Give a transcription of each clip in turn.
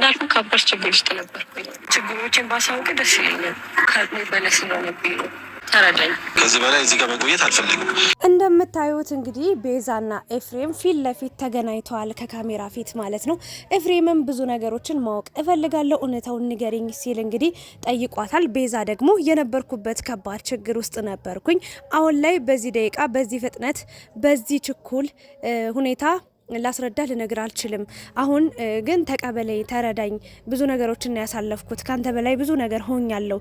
እንዳልኩ ከባድ ችግር ውስጥ ነበርኩኝ። ችግሮችን ባሳውቅ ደስ ይለኛል። ከሚ በላይ ስለሆነብኝ ነው። ተረዳኝ። ከዚህ በላይ እዚህ ጋር መቆየት አልፈልግም። እንደምታዩት እንግዲህ ቤዛና ኤፍሬም ፊት ለፊት ተገናኝተዋል፣ ከካሜራ ፊት ማለት ነው። ኤፍሬምም ብዙ ነገሮችን ማወቅ እፈልጋለሁ፣ እውነታውን ንገሪኝ ሲል እንግዲህ ጠይቋታል። ቤዛ ደግሞ የነበርኩበት ከባድ ችግር ውስጥ ነበርኩኝ። አሁን ላይ በዚህ ደቂቃ፣ በዚህ ፍጥነት፣ በዚህ ችኩል ሁኔታ ላስረዳ ልነግር አልችልም። አሁን ግን ተቀበለኝ፣ ተረዳኝ፣ ብዙ ነገሮችን ያሳለፍኩት ካንተ በላይ ብዙ ነገር ሆኛለሁ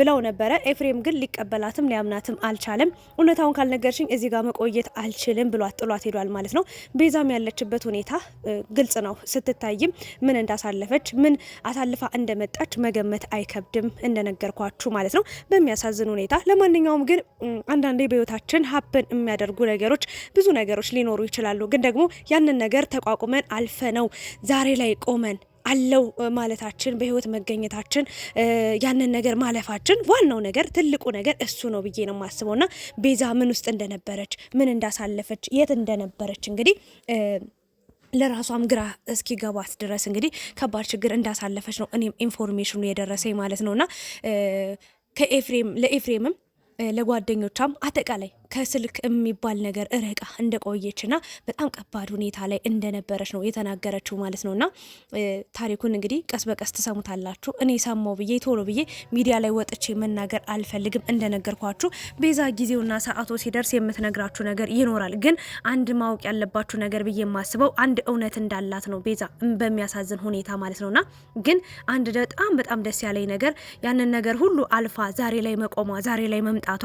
ብለው ነበረ። ኤፍሬም ግን ሊቀበላትም ሊያምናትም አልቻለም። እውነታውን ካልነገርሽኝ እዚህ ጋር መቆየት አልችልም ብሏት ጥሏት ሄዷል ማለት ነው። ቤዛም ያለችበት ሁኔታ ግልጽ ነው። ስትታይም ምን እንዳሳለፈች ምን አሳልፋ እንደመጣች መገመት አይከብድም እንደነገርኳችሁ ማለት ነው በሚያሳዝን ሁኔታ። ለማንኛውም ግን አንዳንዴ በህይወታችን ሀፕን የሚያደርጉ ነገሮች ብዙ ነገሮች ሊኖሩ ይችላሉ። ግን ደግሞ ያን ያንን ነገር ተቋቁመን አልፈ ነው ዛሬ ላይ ቆመን አለው ማለታችን በህይወት መገኘታችን ያንን ነገር ማለፋችን ዋናው ነገር ትልቁ ነገር እሱ ነው ብዬ ነው እና ቤዛ ምን ውስጥ እንደነበረች ምን እንዳሳለፈች የት እንደነበረች እንግዲህ ለራሷም ግራ እስኪገባት ድረስ እንግዲህ ከባድ ችግር እንዳሳለፈች ነው እኔም ኢንፎርሜሽኑ የደረሰኝ ማለት ነውና ከኤፍሬም ለኤፍሬምም ለጓደኞቿም አጠቃላይ ከስልክ የሚባል ነገር እንደቆየች እንደቆየችና በጣም ከባድ ሁኔታ ላይ እንደነበረች ነው የተናገረችው ማለት ነውና ታሪኩን እንግዲህ ቀስ በቀስ ትሰሙታላችሁ። እኔ ሰማው ብዬ ቶሎ ብዬ ሚዲያ ላይ ወጥቼ መናገር አልፈልግም። እንደነገርኳችሁ ቤዛ ጊዜውና ሰዓቱ ሲደርስ የምትነግራችሁ ነገር ይኖራል። ግን አንድ ማወቅ ያለባችሁ ነገር ብዬ የማስበው አንድ እውነት እንዳላት ነው ቤዛ በሚያሳዝን ሁኔታ ማለት ነውና ግን አንድ በጣም በጣም ደስ ያለኝ ነገር ያንን ነገር ሁሉ አልፋ ዛሬ ላይ መቆሟ ዛሬ ላይ መምጣቷ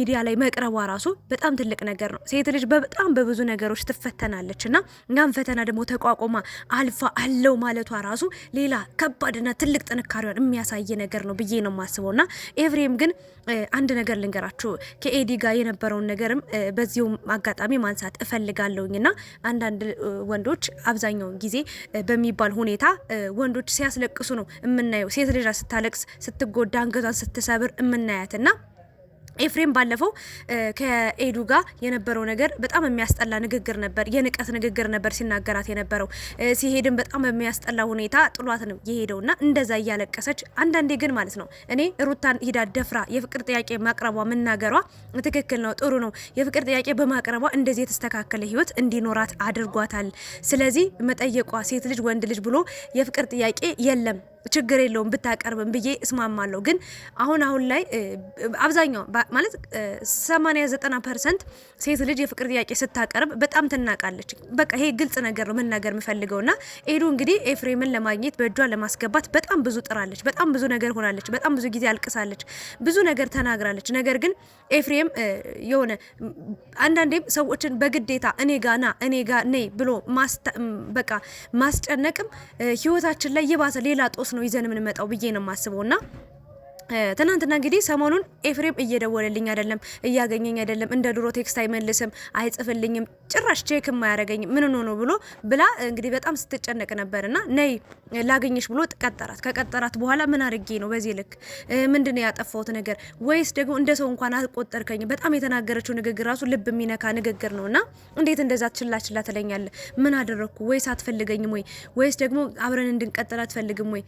ሚዲያ ላይ መቅረ ማግባቷ ራሱ በጣም ትልቅ ነገር ነው። ሴት ልጅ በጣም በብዙ ነገሮች ትፈተናለች እና ያን ፈተና ደግሞ ተቋቁማ አልፋ አለው ማለቷ ራሱ ሌላ ከባድና ትልቅ ጥንካሬዋን የሚያሳይ ነገር ነው ብዬ ነው የማስበው። ና ኤፍሬም ግን አንድ ነገር ልንገራችሁ ከኤዲ ጋር የነበረውን ነገርም በዚሁ አጋጣሚ ማንሳት እፈልጋለሁኝ። ና አንዳንድ ወንዶች አብዛኛውን ጊዜ በሚባል ሁኔታ ወንዶች ሲያስለቅሱ ነው የምናየው። ሴት ልጅ ስታለቅስ ስትጎዳ አንገቷን ስትሰብር የምናያት ና ኤፍሬም ባለፈው ከኤዱ ጋር የነበረው ነገር በጣም የሚያስጠላ ንግግር ነበር፣ የንቀት ንግግር ነበር ሲናገራት የነበረው። ሲሄድም በጣም የሚያስጠላ ሁኔታ ጥሏት ነው የሄደውና እንደዛ እያለቀሰች አንዳንዴ ግን ማለት ነው እኔ ሩታን ሂዳ ደፍራ የፍቅር ጥያቄ ማቅረቧ መናገሯ ትክክል ነው፣ ጥሩ ነው። የፍቅር ጥያቄ በማቅረቧ እንደዚህ የተስተካከለ ህይወት እንዲኖራት አድርጓታል። ስለዚህ መጠየቋ ሴት ልጅ ወንድ ልጅ ብሎ የፍቅር ጥያቄ የለም ችግር የለውም ብታቀርብም ብዬ እስማማለሁ። ግን አሁን አሁን ላይ አብዛኛው ማለት 89 ፐርሰንት ሴት ልጅ የፍቅር ጥያቄ ስታቀርብ በጣም ትናቃለች። በቃ ይሄ ግልጽ ነገር ነው መናገር ና ኤዱ እንግዲህ ኤፍሬምን ለማግኘት በእጇ ለማስገባት በጣም ብዙ ጥራለች። በጣም ብዙ ነገር ሆናለች። በጣም ብዙ ጊዜ አልቅሳለች። ብዙ ነገር ተናግራለች። ነገር ግን ኤፍሬም የሆነ አንዳንዴም ሰዎችን በግዴታ እኔ ጋ ና እኔ ጋ ነይ ብሎ በቃ ማስጨነቅም ህይወታችን ላይ የባሰ ሌላ ጦስ ነው ይዘን የምንመጣው ብዬ ነው የማስበው እና ትናንትና እንግዲህ ሰሞኑን ኤፍሬም እየደወለልኝ አይደለም፣ እያገኘኝ አይደለም፣ እንደ ድሮ ቴክስት አይመልስም፣ አይጽፍልኝም፣ ጭራሽ ቼክም አያደርገኝም ምን ሆኖ ነው ብሎ ብላ እንግዲህ በጣም ስትጨነቅ ነበር። እና ነይ ላገኘሽ ብሎ ቀጠራት። ከቀጠራት በኋላ ምን አድርጌ ነው በዚህ ልክ ምንድን ነው ያጠፋሁት ነገር? ወይስ ደግሞ እንደ ሰው እንኳን አልቆጠርከኝ? በጣም የተናገረችው ንግግር ራሱ ልብ የሚነካ ንግግር ነው እና እንዴት እንደዛ ችላ ችላ ትለኛለ? ምን አደረግኩ? ወይስ አትፈልገኝም ወይ? ወይስ ደግሞ አብረን እንድንቀጥል አትፈልግም ወይ?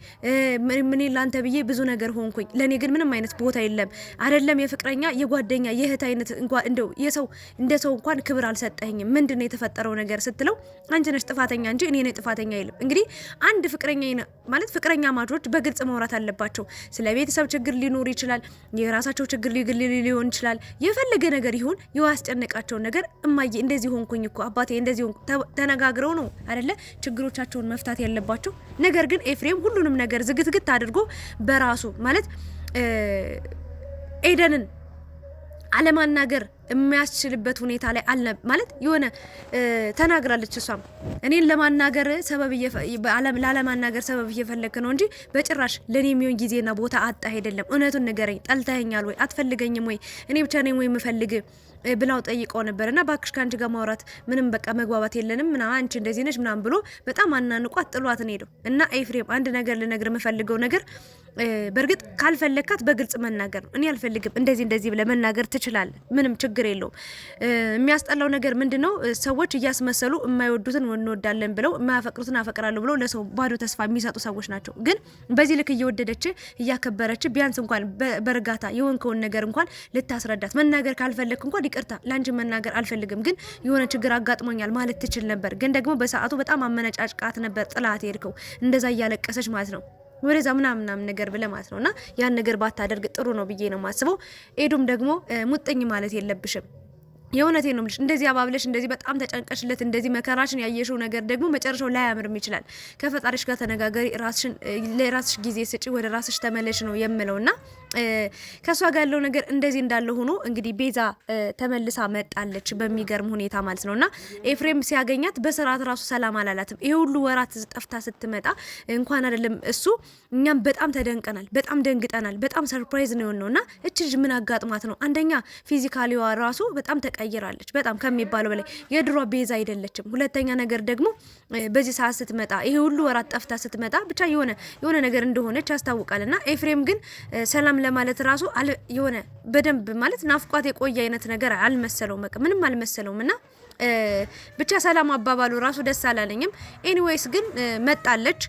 ምን ላንተ ብዬ ብዙ ነገር ሆንኩኝ ለእኔ ግን ምንም አይነት ቦታ የለም። አይደለም የፍቅረኛ የጓደኛ የእህት አይነት እንኳን እንደው የሰው እንደ ሰው እንኳን ክብር አልሰጠኝም። ምንድን ነው የተፈጠረው ነገር ስትለው አንቺ ነሽ ጥፋተኛ እንጂ እኔ ነኝ ጥፋተኛ አይልም። እንግዲህ አንድ ፍቅረኛ ማለት ፍቅረኛ ማቾች በግልጽ መውራት አለባቸው። ስለ ቤተሰብ ችግር ሊኖር ይችላል። የራሳቸው ችግር ሊግል ሊሆን ይችላል። የፈለገ ነገር ይሁን የዋስጨነቃቸውን ነገር እማዬ እንደዚህ ሆንኩኝ እኮ አባቴ እንደዚህ ሆንኩ ተነጋግረው ነው አይደለ ችግሮቻቸውን መፍታት ያለባቸው። ነገር ግን ኤፍሬም ሁሉንም ነገር ዝግትግት አድርጎ በራሱ ማለት ኤደንን አለማናገር የሚያስችልበት ሁኔታ ላይ አለ ማለት የሆነ ተናግራለች። እሷም እኔን ለማናገር ሰበብ ላለማናገር ሰበብ እየፈለግክ ነው እንጂ በጭራሽ ለእኔ የሚሆን ጊዜና ቦታ አጣ አይደለም። እውነቱን ንገረኝ፣ ጠልተኸኛል ወይ አትፈልገኝም ወይ እኔ ብቻ ነኝ ወይ የምፈልግ ብላው ጠይቀው ነበር። እና እባክሽ ከአንቺ ጋር ማውራት ምንም በቃ መግባባት የለንም ምና አንቺ እንደዚህ ነች ምናም ብሎ በጣም አናንቋት ጥሏት ሄደው እና ኤፍሬም፣ አንድ ነገር ልነግር የምፈልገው ነገር በእርግጥ ካልፈለግካት በግልጽ መናገር ነው። እኔ አልፈልግም እንደዚህ እንደዚህ ብለህ መናገር ትችላለህ። ምንም ችግር ችግር የለውም። የሚያስጠላው ነገር ምንድን ነው? ሰዎች እያስመሰሉ የማይወዱትን እንወዳለን ብለው የማያፈቅሩትን አፈቅራለሁ ብለው ለሰው ባዶ ተስፋ የሚሰጡ ሰዎች ናቸው። ግን በዚህ ልክ እየወደደች እያከበረች ቢያንስ እንኳን በእርጋታ የሆንከውን ነገር እንኳን ልታስረዳት መናገር ካልፈለግ እንኳን ይቅርታ ለአንቺ መናገር አልፈልግም፣ ግን የሆነ ችግር አጋጥሞኛል ማለት ትችል ነበር። ግን ደግሞ በሰዓቱ በጣም አመነጫጭቃት ነበር ጥላት ሄድከው እንደዛ እያለቀሰች ማለት ነው። ወደዛ ምናምን ምናምን ነገር ብለ ማለት ነውና ያን ነገር ባታደርግ ጥሩ ነው ብዬ ነው የማስበው። ኤዱም ደግሞ ሙጥኝ ማለት የለብሽም። የእውነቴ ነው የምልሽ። እንደዚህ አባብለሽ እንደዚህ በጣም ተጨንቀሽለት እንደዚህ መከራሽን ያየሽው ነገር ደግሞ መጨረሻው ላያምርም ይችላል። ከፈጣሪሽ ጋር ተነጋገሪ፣ ለራስሽ ጊዜ ስጪ፣ ወደ ራስሽ ተመለሽ ነው የምለው እና ከእሷ ጋር ያለው ነገር እንደዚህ እንዳለ ሆኖ እንግዲህ ቤዛ ተመልሳ መጣለች በሚገርም ሁኔታ ማለት ነው እና ኤፍሬም ሲያገኛት በስርዓት ራሱ ሰላም አላላትም። ይሄ ሁሉ ወራት ጠፍታ ስትመጣ እንኳን አይደለም እሱ እኛም በጣም ተደንቀናል፣ በጣም ደንግጠናል፣ በጣም ሰርፕራይዝ ነው የሆነው እና እች ልጅ ምን አጋጥሟት ነው አንደኛ ፊዚካሊዋ ራሱ በጣም ተቀይራለች፣ በጣም ከሚባለው በላይ የድሮ ቤዛ አይደለችም። ሁለተኛ ነገር ደግሞ በዚህ ሰዓት ስትመጣ ይሄ ሁሉ ወራት ጠፍታ ስትመጣ ብቻ የሆነ የሆነ ነገር እንደሆነች ያስታውቃል። እና ኤፍሬም ግን ሰላም ለማለት ራሱ የሆነ በደንብ ማለት ናፍቋት የቆየ አይነት ነገር አልመሰለውም፣ ምንም አልመሰለውም እና ብቻ ሰላም አባባሉ ራሱ ደስ አላለኝም። ኤኒዌይስ ግን መጣለች።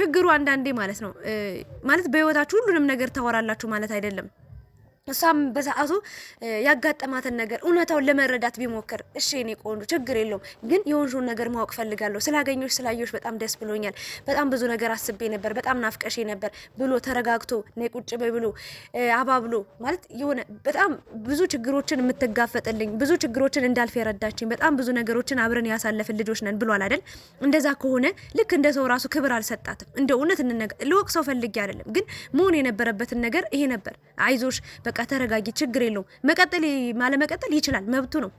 ችግሩ አንዳንዴ ማለት ነው ማለት በህይወታችሁ ሁሉንም ነገር ታወራላችሁ ማለት አይደለም። እሷም በሰዓቱ ያጋጠማትን ነገር እውነታውን ለመረዳት ቢሞክር እሺ፣ እኔ ቆንጆ ችግር የለውም ግን የወንሹን ነገር ማወቅ ፈልጋለሁ። ስላገኘሽ ስላየሽ በጣም ደስ ብሎኛል። በጣም ብዙ ነገር አስቤ ነበር። በጣም ናፍቀሽ ነበር ብሎ ተረጋግቶ ነይ ቁጭ ብሎ አባብሎ ማለት የሆነ በጣም ብዙ ችግሮችን የምትጋፈጥልኝ ብዙ ችግሮችን እንዳልፍ የረዳችኝ በጣም ብዙ ነገሮችን አብረን ያሳለፍን ልጆች ነን ብሏል አይደል? እንደዛ ከሆነ ልክ እንደ ሰው ራሱ ክብር አልሰጣትም። እንደ እውነት ልወቅ ሰው ፈልጌ አይደለም ግን መሆን የነበረበትን ነገር ይሄ ነበር። አይዞሽ በቃ በቃ ተረጋጊ፣ ችግር የለውም። መቀጠል ማለመቀጠል ይችላል፣ መብቱ ነው፣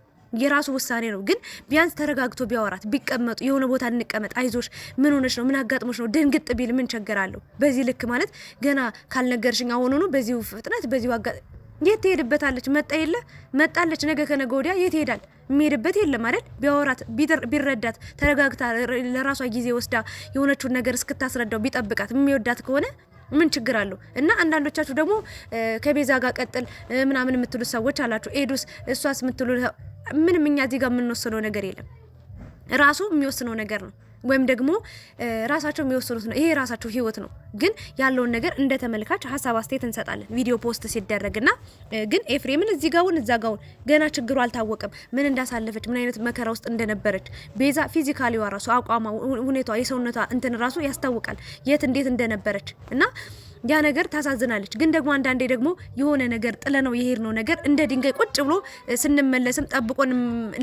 የራሱ ውሳኔ ነው። ግን ቢያንስ ተረጋግቶ ቢያወራት ቢቀመጡ፣ የሆነ ቦታ እንቀመጥ፣ አይዞሽ፣ ምን ሆነሽ ነው? ምን አጋጥሞሽ ነው? ድንግጥ ቢል ምን ቸገራለሁ? በዚህ ልክ ማለት ገና ካልነገርሽኝ አሁን ሆኖ በዚሁ ፍጥነት በዚሁ አጋ የት ትሄድበታለች? መጣ የለ መጣለች፣ ነገ ከነገ ወዲያ የት ይሄዳል? የሚሄድበት የለም አይደል? ቢያወራት ቢረዳት፣ ተረጋግታ ለራሷ ጊዜ ወስዳ የሆነችውን ነገር እስክታስረዳው ቢጠብቃት የሚወዳት ከሆነ ምን ችግር አለው? እና አንዳንዶቻችሁ ደግሞ ከቤዛ ጋር ቀጥል ምናምን የምትሉ ሰዎች አላችሁ። ኤዱስ እሷስ የምትሉ ምንም እኛ እዚህ ጋር የምንወስነው ነገር የለም። ራሱ የሚወስነው ነገር ነው ወይም ደግሞ ራሳቸው የሚወስኑት ነው። ይሄ የራሳቸው ህይወት ነው። ግን ያለውን ነገር እንደ ተመልካች ሀሳብ አስተያየት እንሰጣለን። ቪዲዮ ፖስት ሲደረግና ግን ኤፍሬምን እዚህ ጋውን እዛ ጋውን ገና ችግሩ አልታወቀም፣ ምን እንዳሳለፈች፣ ምን አይነት መከራ ውስጥ እንደነበረች ቤዛ ፊዚካሊዋ ራሱ አቋማ፣ ሁኔቷ፣ የሰውነቷ እንትን ራሱ ያስታውቃል የት እንዴት እንደነበረች እና ያ ነገር ታሳዝናለች። ግን ደግሞ አንዳንዴ ደግሞ የሆነ ነገር ጥለነው የሄድነው ነገር እንደ ድንጋይ ቁጭ ብሎ ስንመለስም ጠብቆን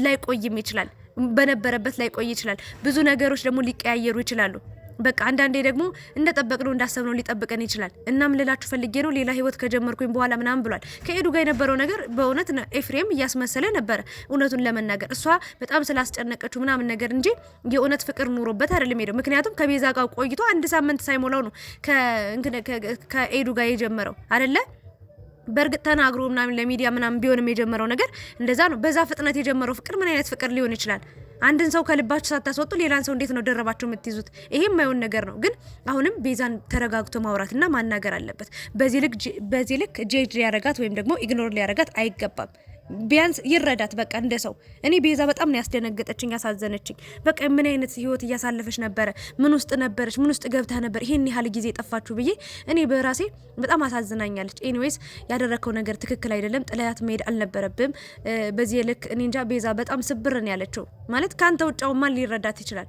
ላይቆይም ይችላል። በነበረበት ላይ ቆይ ይችላል። ብዙ ነገሮች ደግሞ ሊቀያየሩ ይችላሉ። በቃ አንዳንዴ ደግሞ እንደጠበቅነው እንዳሰብነው ሊጠብቀን ይችላል። እናም ልላችሁ ፈልጌ ነው ሌላ ህይወት ከጀመርኩኝ በኋላ ምናምን ብሏል። ከኤዱ ጋር የነበረው ነገር በእውነት ኤፍሬም እያስመሰለ ነበረ። እውነቱን ለመናገር እሷ በጣም ስላስጨነቀችው ምናምን ነገር እንጂ የእውነት ፍቅር ኑሮበት አይደለም ሄደው። ምክንያቱም ከቤዛ ጋር ቆይቶ አንድ ሳምንት ሳይሞላው ነው ከኤዱ ጋር የጀመረው አይደለ በእርግጥ ተናግሮ ምናምን ለሚዲያ ምናምን ቢሆንም የጀመረው ነገር እንደዛ ነው። በዛ ፍጥነት የጀመረው ፍቅር ምን አይነት ፍቅር ሊሆን ይችላል? አንድን ሰው ከልባችሁ ሳታስወጡ ሌላን ሰው እንዴት ነው ደረባችሁ የምትይዙት? ይሄ የማይሆን ነገር ነው። ግን አሁንም ቤዛን ተረጋግቶ ማውራትና ማናገር አለበት። በዚህ ልክ ጄጅ ሊያረጋት ወይም ደግሞ ኢግኖር ሊያረጋት አይገባም። ቢያንስ ይረዳት በቃ እንደ ሰው። እኔ ቤዛ በጣም ነው ያስደነገጠችኝ ያሳዘነችኝ። በቃ ምን አይነት ህይወት እያሳለፈች ነበረ? ምን ውስጥ ነበረች? ምን ውስጥ ገብታ ነበር ይሄን ያህል ጊዜ ጠፋችሁ ብዬ እኔ በራሴ በጣም አሳዝናኛለች። ኤኒዌይስ ያደረግከው ነገር ትክክል አይደለም፣ ጥለያት መሄድ አልነበረብም። በዚህ ልክ እኔ እንጃ ቤዛ በጣም ስብርን ያለችው ማለት ከአንተ ውጫው ማን ሊረዳት ይችላል?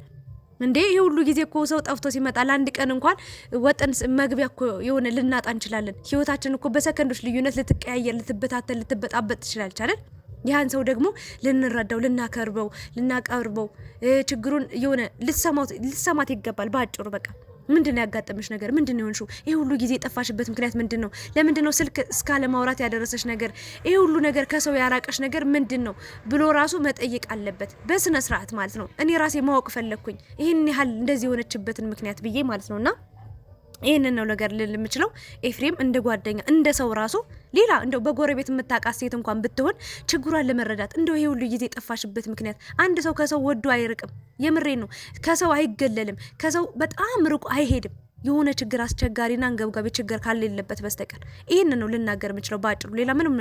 እንዴ ይህ ሁሉ ጊዜ እኮ ሰው ጠፍቶ ሲመጣ ለአንድ ቀን እንኳን ወጥን መግቢያ እኮ የሆነ ልናጣ እንችላለን። ህይወታችን እኮ በሰከንዶች ልዩነት ልትቀያየር፣ ልትበታተን፣ ልትበጣበጥ ትችላለች አይደል? ይህን ሰው ደግሞ ልንረዳው፣ ልናከርበው፣ ልናቀርበው ችግሩን የሆነ ልሰማት ይገባል። በአጭሩ በቃ ምንድን ነው ያጋጠመሽ ነገር? ምንድን ነው የሆንሽው? ይሄ ሁሉ ጊዜ የጠፋሽበት ምክንያት ምንድን ነው? ለምንድን ነው ስልክ እስካለ ማውራት ያደረሰሽ ነገር? ይሄ ሁሉ ነገር ከሰው ያራቀሽ ነገር ምንድን ነው ብሎ ራሱ መጠየቅ አለበት፣ በስነ ስርዓት ማለት ነው። እኔ ራሴ ማወቅ ፈለግኩኝ ይህን ያህል እንደዚህ የሆነችበትን ምክንያት ብዬ ማለት ነውና ይህንን ነው ነገር ልል የምችለው። ኤፍሬም እንደ ጓደኛ እንደ ሰው ራሱ ሌላ እንደው በጎረቤት የምታውቃት ሴት እንኳን ብትሆን ችግሯን ለመረዳት እንደው ይሄ ሁሉ ጊዜ የጠፋሽበት ምክንያት አንድ ሰው ከሰው ወዶ አይርቅም። የምሬ ነው። ከሰው አይገለልም። ከሰው በጣም ርቆ አይሄድም። የሆነ ችግር አስቸጋሪና አንገብጋቢ ችግር ካሌለበት በስተቀር ይህን ነው ልናገር የምችለው በአጭሩ። ሌላ ምንም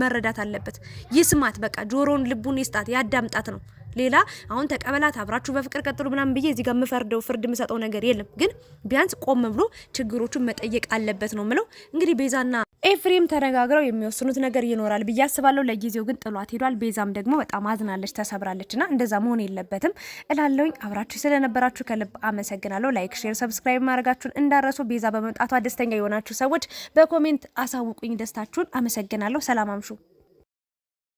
መረዳት አለበት። ይስማት፣ በቃ ጆሮን ልቡን ይስጣት፣ ያዳምጣት ነው ሌላ አሁን ተቀበላት አብራችሁ በፍቅር ቀጥሉ ምናምን ብዬ እዚህ ጋር የምፈርደው ፍርድ የምሰጠው ነገር የለም፣ ግን ቢያንስ ቆም ብሎ ችግሮቹን መጠየቅ አለበት ነው ምለው። እንግዲህ ቤዛና ኤፍሬም ተነጋግረው የሚወስኑት ነገር ይኖራል ብዬ አስባለሁ። ለጊዜው ግን ጥሏት ሄዷል። ቤዛም ደግሞ በጣም አዝናለች፣ ተሰብራለች እና እንደዛ መሆን የለበትም እላለውኝ። አብራችሁ ስለነበራችሁ ከልብ አመሰግናለሁ። ላይክ፣ ሼር፣ ሰብስክራይብ ማድረጋችሁን እንዳረሱ። ቤዛ በመምጣቷ ደስተኛ የሆናችሁ ሰዎች በኮሜንት አሳውቁኝ ደስታችሁን። አመሰግናለሁ። ሰላም አምሹ።